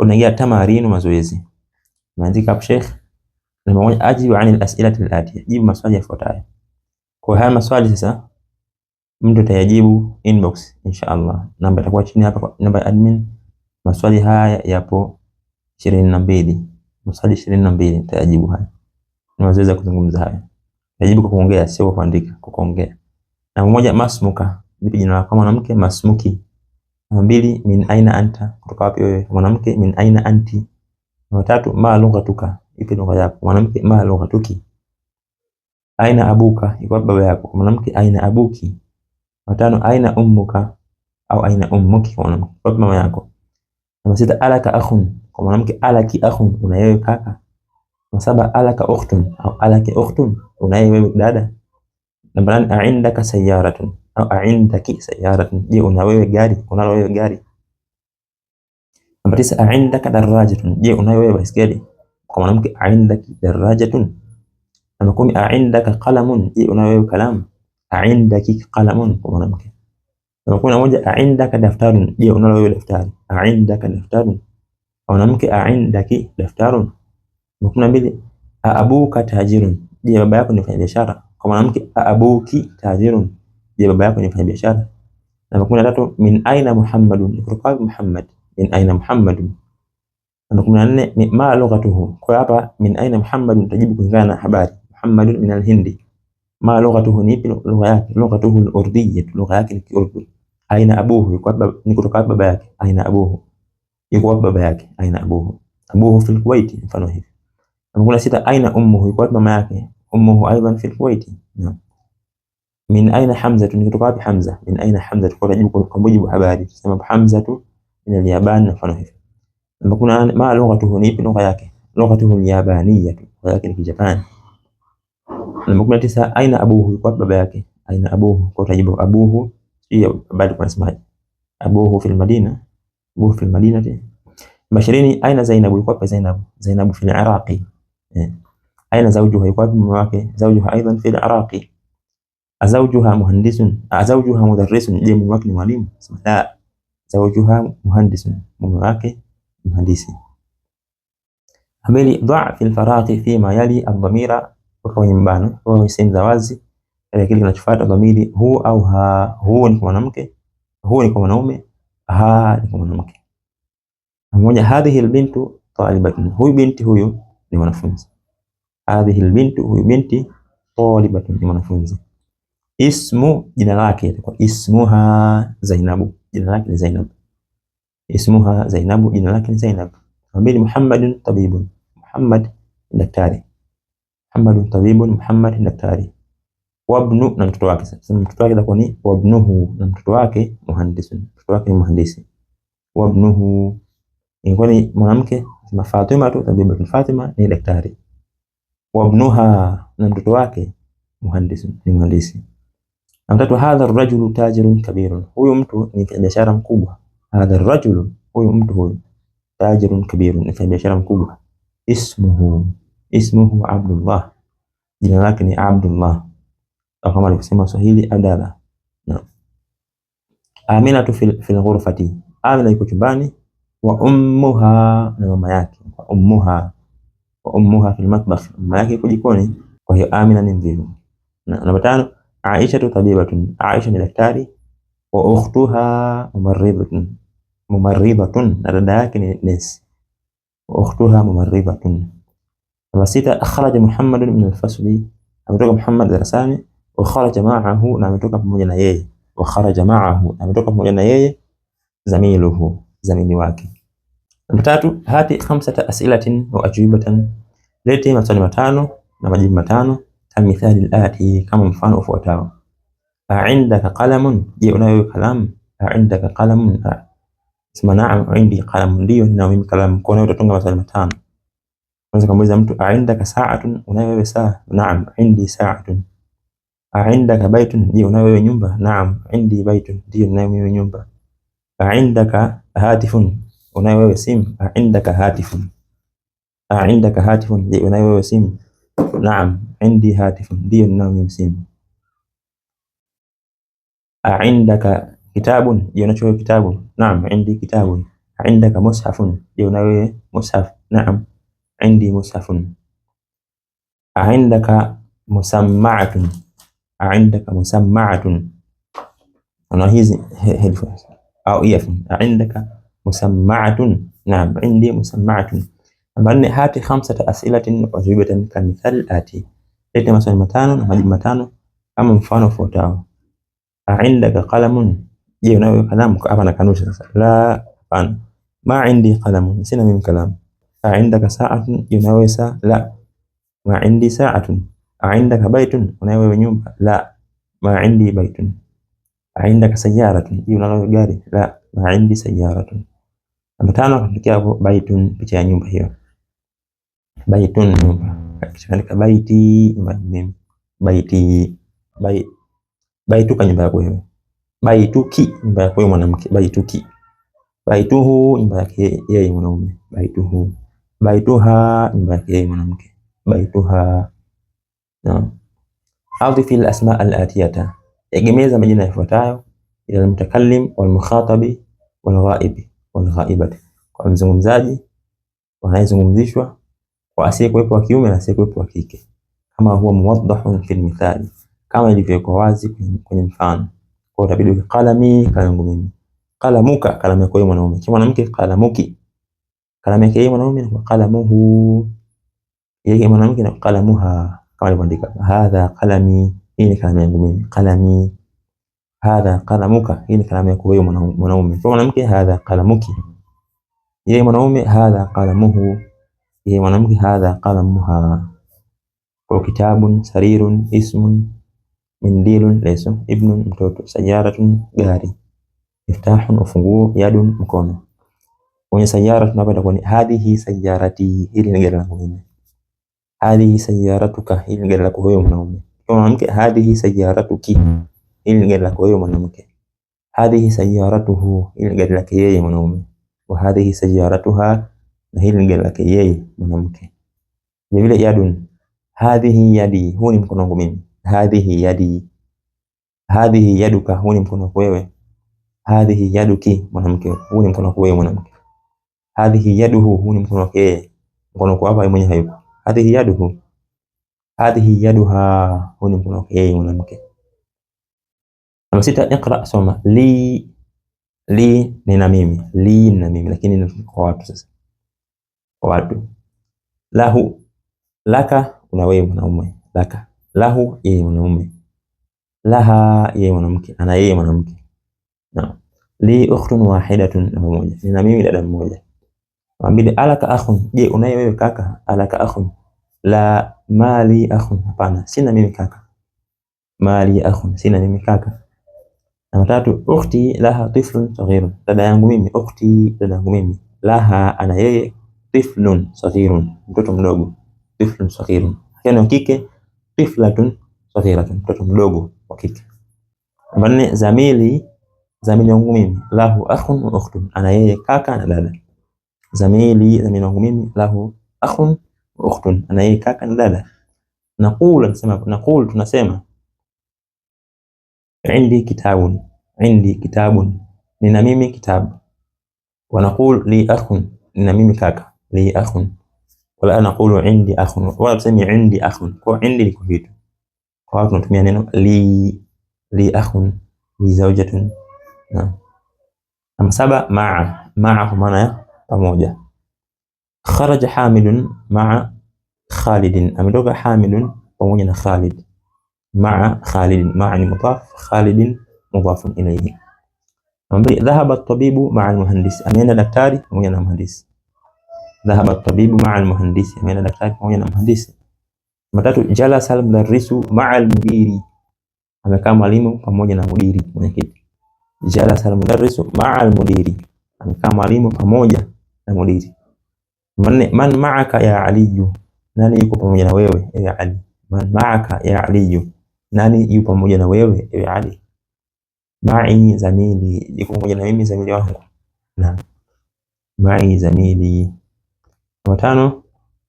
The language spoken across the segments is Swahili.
Unaingia tamarin, mazoezi. Unaandika hapo Sheikh, namba moja, ajibu anil asilati alatiya, jibu maswali yafuatayo. Kwa haya maswali sasa mtu atayajibu inbox inshaallah, namba itakuwa chini hapa, namba ya admin. Maswali haya yapo 22, maswali 22 na nitayajibu haya. Ni mazoezi ya kuzungumza haya, nitajibu kwa kuongea, sio kwa kuandika, kwa kuongea. Namba moja, masmuka, vipi jina lako mwanamke? Masmuki Mbili, min aina anta, kutoka wapi wewe? Mwanamke. Min aina anti. Namba tatu, ma lughatuka, ipi lugha yako? Mwanamke. Ma lughatuki. Aina abuka, iko wapi baba yako? Mwanamke. Aina abuki. Namba tano, aina ummuka au aina ummuki, kwa mwanamke, wapi mama yako? Namba sita, alaka akhun, kwa mwanamke, alaki akhun, una yeye kaka. Namba saba, alaka ukhtun au alaki ukhtun, una yeye dada. Namba nane, aindaka sayaratun au aindaki sayaratun, je una wewe gari, unalo wewe gari. Namba tisa, aindaka darajatun, je una wewe baiskeli kwa mwanamke. Aindaki darajatun. Namba kumi, aindaka qalamun, je una wewe kalamu. Aindaki qalamun kwa mwanamke. Namba kumi na moja, aindaka daftarun, je unalo wewe daftari. Aindaka daftarun kwa mwanamke. Aindaki daftarun. Namba kumi na mbili, aabuka tajirun, je baba yako ni mfanyabiashara. Kwa mwanamke, aabuki tajirun je baba yako ni mfanyabiashara? Namba kumi na tatu min aina Muhammadun, kutoka wapi Muhammad? Min aina Muhammadun. Namba kumi na nne ma lughatuhu, kwa hapa min aina Muhammadun tajibu kulingana na habari Muhammadun min alhindi. Ma lughatuhu ni lugha yake, lughatuhu alurdiyya, lugha yake ni Kiurdu. Aina abuhu, ni kutoka wapi baba yake? Aina abuhu, yuko wapi baba yake? Aina abuhu, abuhu fil Kuwait, mfano hivi. Namba kumi na sita aina ummuhu, yuko wapi mama yake? Ummuhu aidan fil Kuwait. Naam. من أين حمزة؟ من أين حمزة؟ من أين حمزة؟ قال يجب أن يكون بجب حباري تسمى بحمزة من اليابان نفعنا هيف لما كنا ما لغته نيب لغة يكي لغته اليابانية ولكن في جبان لما كنا تسأل أين أبوه؟ قال بابا يكي أين أبوه؟ قال يجب أبوه في إيه، بعد كنا اسمها أبوه في المدينة أبوه في المدينة مشريني أين زينب؟ قال زينب زينب في العراقي إيه. أين زوجها؟ قال بمواكي زوجها أيضا في العراقي azawjuha muhandisun azawjuha mudarrisun, je, mume wake ni mwalimu? La, zaujuha muhandisun, mume wake mhandisi. Amili dha fi alfaraghi fi ma yali adhamira, kwenye mbano au sehemu za wazi, eh, kile kinachofuata dhamiri hu au ha. Hu ni kwa mwanamke, hu ni kwa mwanaume, ha ni kwa mwanamke. Mmoja, hadhihi albintu talibatun, huyu binti huyu ni mwanafunzi. Hadhihi albintu, huyu binti, talibatun ni mwanafunzi Ismu, jina lake itakuwa ismuha Zainabu, jina lake ni Zainab. Ismuha Zainabu, jina lake ni Zainab. Mbili, Muhammadun tabibun, Muhammad ni daktari. Muhammadun tabibun, Muhammad ni daktari. Wabnu, na mtoto wake. Sasa mtoto wake itakuwa ni wabnuhu, na mtoto wake muhandisun, mtoto wake ni muhandisi. Wabnuhu, ingekuwa ni mwanamke kama Fatima tu, tabibu Fatima ni daktari. Wabnuha, na mtoto wake muhandisun, ni muhandisi. Na hadha rajulu tajirun kabirun, huyu mtu ni mfanyabiashara mkubwa. Hadha rajulu, huyu mtu huyu, tajirun kabirun, ni mfanyabiashara mkubwa. Ismuhu, ismuhu Abdullah, jina lake ni Abdullah, kama alivyosema Swahili Abdalla. No. Aminatu fil, fil ghurfati, Amina yuko chumbani. Wa ummuha, na mama yake. Wa ummuha, wa ummuha fil matbakh, mama yake yuko jikoni. Kwa hiyo Amina ni mvivu. Namba tano عائشة طبيبة عائشة دكتاري وأختها ممرضة ممرضة لكن الناس وأختها ممرضة الوسيطة أخرج محمد من الفصل أمدوك نعم، محمد درسامي وخرج معه نعمدوك مجنى وخرج معه نعمدوك مجنى زميله زميل واكي المتاتو هاتي خمسة أسئلة وأجوبة ليتي مسألة متانو نمجيب متانو Kamithali alati, kama mfano ufuatao: aindaka qalamun, je unayo kalamu? Aindaka qalamun, sema naam, indi qalamu, ndio na mimi kalamu. Kwa hiyo utatunga maswali matano. Kwanza kamuuliza mtu aindaka sa'atun, unayo wewe saa? Naam, indi sa'atun. Aindaka baitun, je unayo wewe nyumba? Naam, indi baitun, ndio na mimi nyumba. Aindaka hatifun, unayo wewe simu? Aindaka hatifun. Aindaka hatifun, je unayo wewe simu? Naam, indi hatifun, ndiyo ninayo simu. Aindaka kitabun, je, unacho kitabu? Naam, indi kitabun. Aindaka mushafun, je, unayo mushaf? Naam, indi mushafun. Aindaka musammaatun, aindaka musammaatun. Ona hizi headphones au earphones. Aindaka musammaatun. Naam, indi musammaatun. Namba nne, hati khamsata as'ilatin wajibatan kamithali ati, leta maswali matano na majibu matano kama mfano ufuatao. Aindaka qalamun, je unayo kalamu? Hapa na kanusha sasa, la hapana. Ma indi qalamun, sina mimi kalamu. Aindaka sa'atun, je unayo saa? La. Ma indi sa'atun. Aindaka baitun, unayo nyumba? La. Ma indi baitun. Aindaka sayyaratun, je unayo gari? La. Ma indi sayyaratun. Namba tano, baitun, picha ya nyumba hiyo baitun, nyumba. Akiandika baiti, baiti, bai baituka, nyumba yako wewe. Baituki, nyumba yako wewe mwanamke. Baituki, baituhu, nyumba yake yeye mwanaume. Baituhu, baituha, nyumba yake yeye mwanamke. Baituha. Naam. Adhif al asma al atiyata, egemeza majina yafuatayo ila almutakallim wal mukhatabi wal ghaibi wal ghaibati, kwa mzungumzaji wanayezungumzishwa kwa asiyekuwepo wa kiume na asiyekuwepo wa kike, kama huwa muwaddahun fil mithali, kama ilivyokuwa wazi kwenye mfano. Kwa utabidi qalami, kalamu mimi, qalamuka, kalamu yako mwanaume, kwa mwanamke qalamuki, kalamu yake mwanaume, na qalamuhu, yeye mwanamke, na qalamuha, kama alivyoandika hadha qalami, hii ni kalamu yangu mimi, qalami hadha qalamuka, hii ni kalamu yako wewe mwanaume. Kwa mwanamke hadha qalamuki, yeye mwanaume hadha qalamuhu E, mwanamke hadha qalamuha kwa kitabun sarirun ismun mindilun leso ibnun mtoto sayaratun gari miftahun ufunguo yadun mkono. Kwenye sayara tunapata kwa hadhihi sajarati, hili ni gari la mimi. Hadhihi sajaratuka, hili ni gari la huyo mwanaume. Kwa mwanamke hadhihi sajaratuki, hili ni gari la huyo mwanamke. Hadhihi sajaratuhu, hili ni gari lake yeye mwanaume. Wa hadhihi sayaratuha na hili ni gari lake yeye mwanamke. Vile vile yadun, hadhihi yadi, huu ni mkono wangu mimi. Hadhihi yadi, hadhihi yaduka, huu ni mkono wako wewe. Hadhihi yaduki, mwanamke, huu ni mkono wako wewe mwanamke. Hadhihi yaduhu, huu ni mkono wake yeye, mkono wako hapa, mwenye hayuko. Hadhihi yaduhu, hadhihi yaduha, huu ni mkono wake yeye mwanamke. Namba sita, iqra, soma. Li, li ni na mimi, li ni na mimi, lakini ni kwa watu sasa kwa watu. Lahu, laka, una wewe mwanaume, laka. Lahu, yeye mwanaume. Laha, yeye mwanamke, ana yeye mwanamke. Na Li ukhtun wahidatun, na mmoja. Nina mimi dada mmoja. Mwambie alaka akhun, je, unaye wewe kaka? Alaka akhun. La mali akhun, hapana, sina mimi kaka. Mali akhun, sina mimi kaka. Namba tatu, ukhti laha tiflun saghirun, dada yangu mimi. Ukhti, dada yangu mimi. Laha, ana yeye tiflun saghirun, mtoto mdogo. Tiflun saghirun, yaani wa kike. Tiflatun saghiratun, mtoto mdogo wa kike. Namba nne, zamili, zamili wangu mimi. Lahu akhun wa ukhtun, ana yeye kaka na dada. Zamili, zamili wangu mimi. Lahu akhun wa ukhtun, ana yeye kaka na dada. Naqulu, nasema. Naqulu, tunasema. Indi kitabun, indi kitabun, nina mimi kitabu. Wanaqulu li akhun, nina mimi kaka لي أخ ولا أنا أقول عندي أخ ولا تسمي عندي أخ هو عندي لك بيت هو أخ نتمي يعني أنا لي لي أخ لي زوجة نعم أما سبع مع معه معنى pamoja خرج حامل مع خالد أم لغة حامل pamoja na خالد مع خالد مع يعني مضاف خالد مضاف إليه ذهب الطبيب مع المهندس أمين الدكتور pamoja na المهندس dhahaba tabibu maa almuhandisi, ameenda daktari pamoja na mhandisi. Matatu, jalasa almudarrisu maa almudiri, amekaa mwalimu pamoja na mudiri mwenyekiti. Jalasa almudarrisu maa almudiri, amekaa mwalimu pamoja na mudiri. Man, man maaka ya aliyu, nani yuko pamoja na wewe ewe Ali? Man maaka ya aliyu, nani yuko pamoja na wewe ewe Ali? Mai zamili, yuko pamoja na mimi zamili wangu, na mai zamili Namba Watano,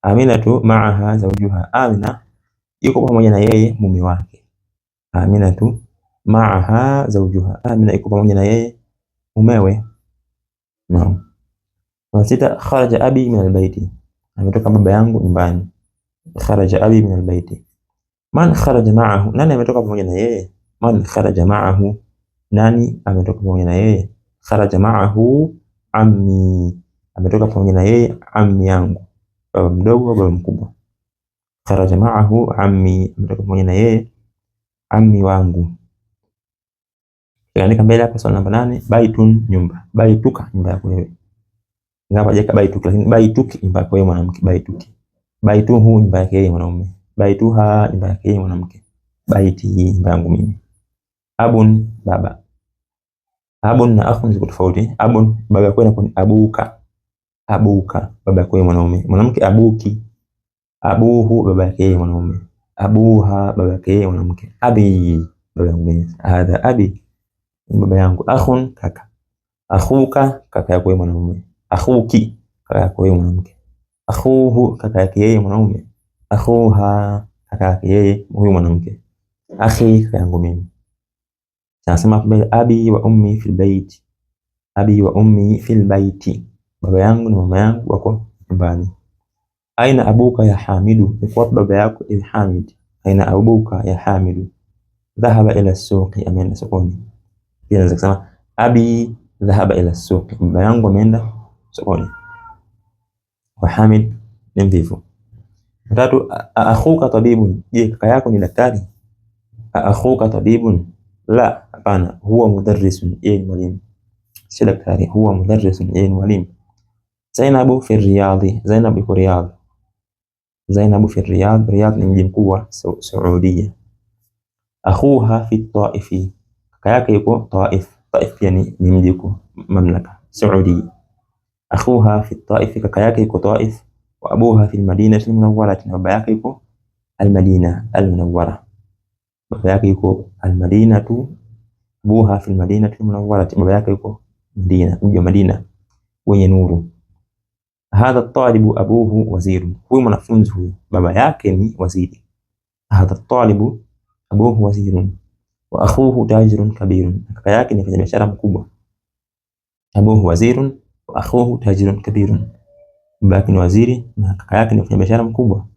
Aminatu maaha zawjuha, Amina yuko pamoja na yeye mume wake. Aminatu maaha zawjuha, Amina yuko pamoja na yeye mumewe. Naam. Wa sita, kharaja abi min albayti, ametoka baba yangu nyumbani. Kharaja abi min albayti. Man kharaja maahu, nani ametoka pamoja na yeye? Man kharaja maahu, nani ametoka pamoja na yeye? Kharaja maahu ammi ametoka pamoja na yeye ammi yangu, baba mdogo, baba mkubwa. Kharaja maahu ammi, ametoka pamoja na yeye ammi wangu. Kaandika mbele hapa swali namba nane, baitun, nyumba. Baituka, nyumba yako wewe. Ngapa jeka baituka, lakini baituki, nyumba yako wewe mwanamke, baituki. Baituhu, nyumba yake yeye mwanaume. Baituha, nyumba yake yeye mwanamke. Baiti, nyumba yangu mimi. Abun, baba. Abun na akhun ziko tofauti. Abun, baba yako ni abuka abuka, baba yake yeye mwanaume. Mwanamke abuki, abuhu, baba yake yeye mwanaume. Abuha, baba yake yeye mwanamke. Abi, baba yangu. Hadha abi, baba yangu. Akhun, kaka. Akhuka, kaka yako yeye mwanaume. Akhuki, kaka yako yeye mwanamke. Akhuhu, kaka yake yeye mwanaume. Akhuha, kaka yake yeye huyu mwanamke. Akhi, kaka yangu mimi. Sasa sema abi wa ummi fil baiti, abi wa ummi fil baiti baba yangu na mama yangu wako nyumbani. Aina abuka ya Hamidu, ni kwa baba yako Hamid. Aina abuka ya Hamidu. Dhahaba ila suqi, ameenda sokoni. Pia naweza kusema abi dhahaba ila suqi, baba yangu ameenda sokoni. Wa Hamid ni mvivu. Tatu, akhuka tabibun, je, kaka yako ni daktari? Akhuka tabibun, la, hapana. Huwa mudarrisun, yeye ni mwalimu, si daktari. Huwa mudarrisun, yeye ni mwalimu. زينب في الرياض زينب يكون رياض زينب في الرياض رياض ni mji mkuu Su Saudia. Akhuha fi Taifi, kaka yake yuko Taif. Taif pia ni mji mkuu mamlaka Saudi. Akhuha fi Taifi, kaka yake yuko Taif. Wa abuha fi al-Madinati al-Munawwarati, na baba yake yuko al-Madina al-Munawwara. Baba yake yuko al-Madinatu, abuha fi al-Madinati al-Munawwarati, baba yake yuko Madina, mji wa Madina wenye nuru. Hadha talibu abuhu wazirun, huyu mwanafunzi huyu baba yake ni waziri. Hadha talibu abuhu wazirun wa akhuhu tajirun kabirun, kaka yake ni mfanyabiashara mkubwa. Abuhu wazirun wa akhuhu tajirun kabirun, baba yake ni waziri na kaka yake ni mfanyabiashara mkubwa.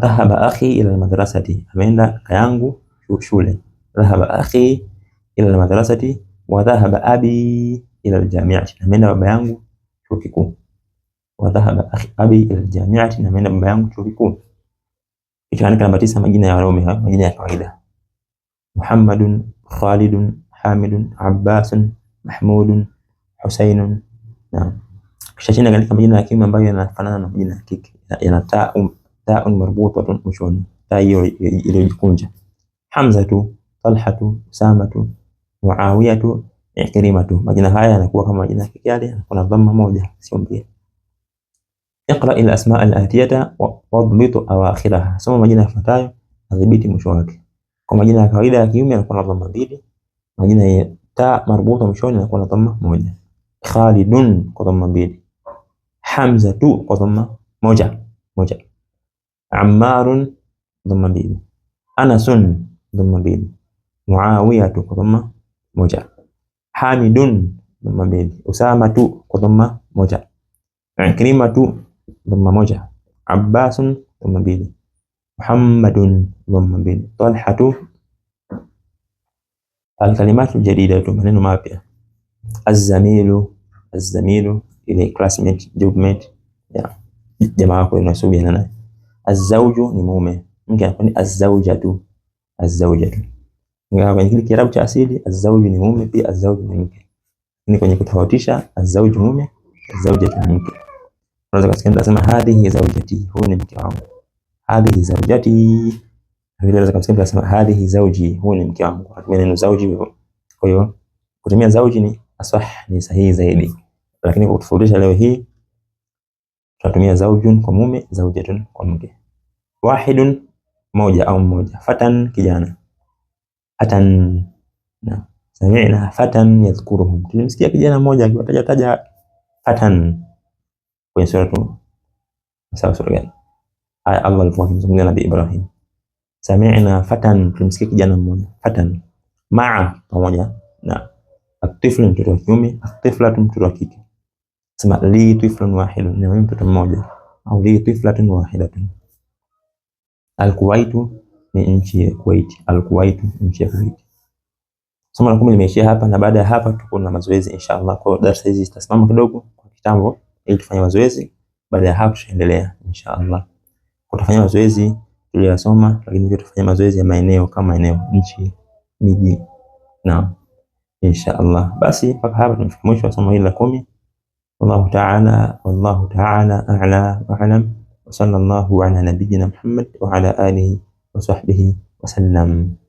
Dhahaba akhi ila almadrasati, ameenda kaka yangu shule. Dhahaba akhi ila almadrasati wa dhahaba abi ila aljamiati, ameenda baba yangu chuo kikuu wadhahaba abi ila jamiati, na mimi baba yangu chuo kikuu. Ikaandika namba tisa, majina ya wanaume, majina ya kawaida: Muhammadun, Khalidun, Hamidun, Abbasun, Mahmudun, Husainun. Na kisha chini akaandika majina ya kiume ambayo yanafanana na majina ya kike, yana taun marbutatun mwishoni, ta hiyo iliyojikunja: Hamzatu, Talhatu, Usamatu, Muawiyatu, Ikrimatu. Majina haya yanakuwa kama majina ya kike yale, kuna dhamma moja, sio mbili. اقرأ الأسماء الآتية واضبط أواخرها سمى مجينا فتاي أضبط مشوهك كما جينا كويدا كيوم يكون ضم بيدي ما جينا تاء مربوطة مشوهك يكون ضم موجة خالد قضم بيدي حمزة قضم موجة موجة عمار ضم بيدي أنس ضم بيدي معاوية قضم موجة حامد ضم بيدي أسامة قضم موجة عكريمة dhamma moja, Abbasun dhamma mbili, Muhammadun dhamma mbili, Talhatu alkalimatu jadidatu maneno mapya, azzamilu azzamilu ile classmate jobmate jamaa yako unasubiana naye, azzauju ni mume, mke anakuwa ni azzaujatu azzaujatu. kwenye kile Kiarabu cha asili azzauju ni mume, pia azzauju ni mke, ni kwenye kutofautisha azzauju mume, ni mke. Unaweza kusikiliza nasema hadhihi zaujati, huyu ni mke wangu. Hadhihi zaujati. Vile unaweza kusikiliza nasema hadhihi zauji, huyu ni mke wangu. Atumia neno zauji. Kwa hiyo kutumia zauji ni asah, ni sahihi zaidi. Lakini kwa kutufundisha leo hii tunatumia zaujun kwa mume, zaujatun kwa mke. Wahidun moja au mmoja. Fatan kijana. Fatan na sami'na fatan yadhkuruhum. Tulimsikia kijana mmoja akiwataja taja fatan kwenye sura tu sawa, sura gani? Aya Allah alipozungumza Nabii Ibrahim, sami'na fatan, tumsikia kijana mmoja, fatan maa, pamoja na atiflu, mtoto wa kiume, atiflatu, mtoto wa kike, sema li tiflun wahidun, ni mtoto mmoja, au li tiflatun wahidatun. Alkuwaitu ni nchi ya Kuwait, alkuwaitu nchi ya Kuwait. Somo la kumi limeishia hapa, na baada ya hapa tuko na mazoezi inshallah. Kwa darasa hizi zitasimama kidogo kwa kitambo ili tufanye mazoezi. Baada ya hapo tutaendelea inshallah. Utafanya mazoezi tuliyosoma, lakini pia tufanye mazoezi ya maeneo kama eneo nchi, miji na inshallah. Basi mpaka hapa tumefika mwisho wa somo hili la kumi. Wallahu ta'ala wallahu ta'ala a'la wa a'lam wa sallallahu ala nabiyyina Muhammad wa ala alihi wa sahbihi wa sallam.